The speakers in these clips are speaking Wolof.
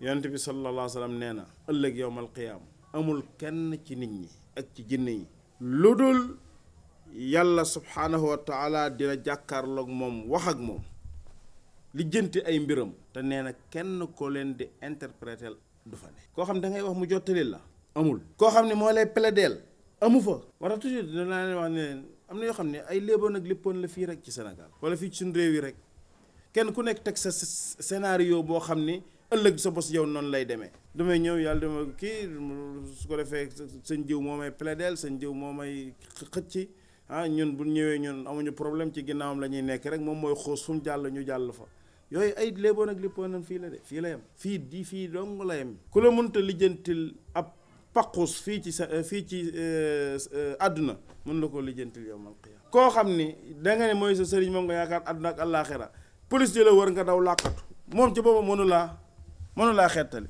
yonent bi sallallahu alayhi wa nee na ëllëg yowmal qiyaam amul kenn ci nit ñi ak ci jinne yi lu dul yàlla subhaanahu wa taala dina jàkkaarloog moom wax ak moom lijjanti ay mbiram te nee na kenn ko leen di interpréter du fa ne koo xam ne da ngay wax mu jottali la amul koo xam ne moo lay plaideel amu fa moo tax toujours dinaa leen wax ne leen am na yoo xam ne ay léeboon ak léppoon la fii rek ci senegal wala fii ci suñu yi rek kenn ku nekk teg sa scénario boo xam ne ëllëg sa bos yow noonu lay demee damay ñëw yàlla dama kii su ko defee sëñ jiw moom may plaidel sëñ jiw moo may xëcc ah ñun bu ñëwee ñun amuñu problème ci ginnaawam la ñuy nekk rek moom mooy xoos fu mu jàll ñu jàll fa yooyu ay léeboon ak lippoonam fii la de fii la yem fii di fii dong la yem ku la mënta lijjantil ab paqus fii ci sa eh, fii ci eh, àdduna mën la koo lijjantil yow mal koo xam ni da ne mooy sa sëriñ moom nga yaakaar àdduna ak àllaaxira police di nga daw laa mënu laa xettali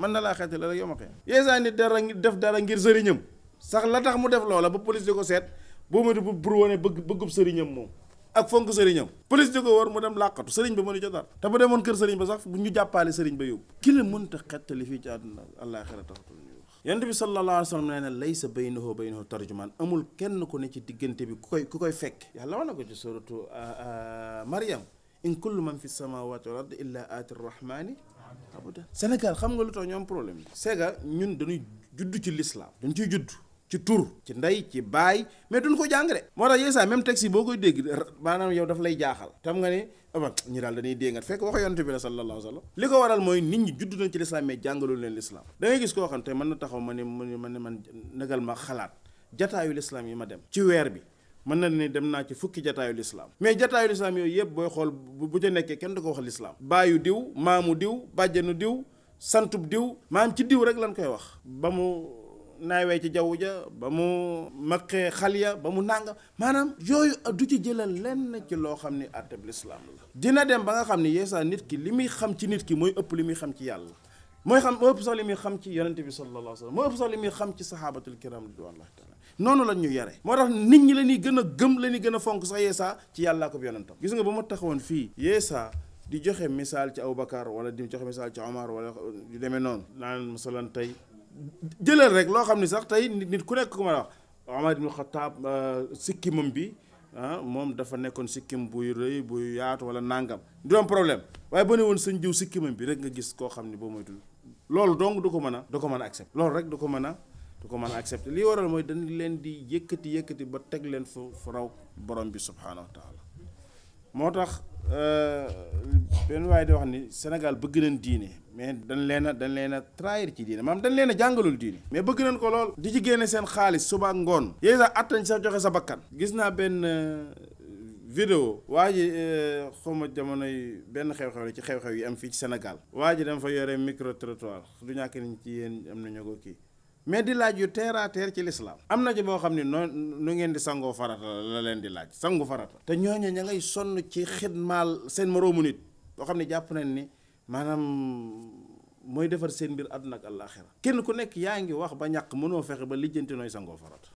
mën na laa xettali rek yow ma xeex yeesaa nit dara def dara ngir sëriñam sax la tax mu def loola ba police di ko seet boo ma di pour wane bëgg bëggub sëriñam moom ak fonk sëriñam police di ko war mu dem làqatu sëriñ ba mënu ca dara te bu demoon kër sëriñ ba sax bu ñu jàppaale sëriñ ba yóbbu ki la mënta xettali fii ci àdduna àllaaxira taxatul ñuy wax yonent bi sallallahu alayhi wa sallam nee na laysa baynahu baynahu tarjumaan amul kenn ku ne ci diggante bi ku koy ku koy fekk yàlla wax na ko ci suratu Maryam in kullu man fi samawati wal ardi illa aati rrahmani abadan Sénégal xam nga lu tax ñoom problème bi Sénégal ñun dañuy judd ci lislaam dañ ciy judd ci tur ci ndey ci baay mais duñ ko jàng de moo tax yenn saa même texte yi boo koy dégg maanaam yow daf lay jaaxal tam nga ne avant ñu daal dañuy déngat fekk wax yonent bi la sallallahu alayhi wa sallam li ko waral mooy nit ñi judd nañ ci lislaam mais jàngalul leen lislaam da ngay gis koo xam te mën na taxaw ma ne ma ne man nagal ma xalaat jataayu lislaam yi ma dem ci weer bi mën na ne dem naa ci fukki jataayu lislaam mais jataayu lislaam yooyu yëpp booy xool bu ca nekkee kenn du ko wax lislaam baayu diw maamu diw bàjjanu diw santub diw maam ci diw rek lan koy wax ba mu naawee ci jaww ja ba mu maqee xal ya ba mu nànga maanaam yooyu du ci jëlal lenn ci loo xam ni àtteb lislaam la dina dem ba nga xam ni yeesaa nit ki li muy xam ci nit ki mooy ëpp li muy xam ci yàlla mooy xam moo ëpp sax li muy xam ci yonente bi sallallahu alayhi wa sallam moo ëpp sax li muy xam ci sahabatul ñu yare moo tax nit ñi la ñuy gën a gëm la ñuy gën a fonk sax yeesaa ci yàllaa ko bi yonentam gis nga ba ma taxawoon fii yeesaa di joxe misaal ci Aboubacar wala di joxe misaal ci Omar wala di demee noonu naan masalan tey jëlal rek loo xam ni sax tey nit ku nekk ku ma wax Omar ibn Khattab euh, sikkimam bi ah moom dafa nekkoon sikkim buy rëy buy yaatu wala nàngam du am problème waaye ba ne woon sëñ jiw sikkimam bi rek nga gis koo xam ni boo moytul loolu donc du ko mën a du ko mën a accepter loolu rek du ko mën a du ko mën a accepter lii waral mooy dañ leen di yëkkati yëkkati ba teg leen fu fu raw borom bi subhaanahu wa taala moo tax euh, benn waaye di wax ni Sénégal bëgg nañ diine mais dañ leen a dañ leen a trahir ci diine maanaam dañ leen a jàngalul diine mais bëgg nañ ko lool di ci génne seen xaalis suba ak ngoon yéen sax attañ sa joxe sa bakkan gis naa benn vidéo waa ji euh, xawma yi benn xew-xew la ci xew-xew yi am fii ci Sénégal waa ji dama fa yore micro trottoir du ñàkk ni ci yéen am na ñoo ko kii mais di laaj yu terre à ci lislaam am na ci boo xam ne noo nu ngeen di sangoo farata la leen di laaj sangu farata te ñooñu ña ngay sonn ci xidmaal seen moroomu nit boo xam ne jàpp nañ ni maanaam mooy defar seen mbir àdduna ak àllaaxira kenn ku nekk yaa ngi wax ba ñàkk mënoo fexe ba lijjanti nooy sangoo farata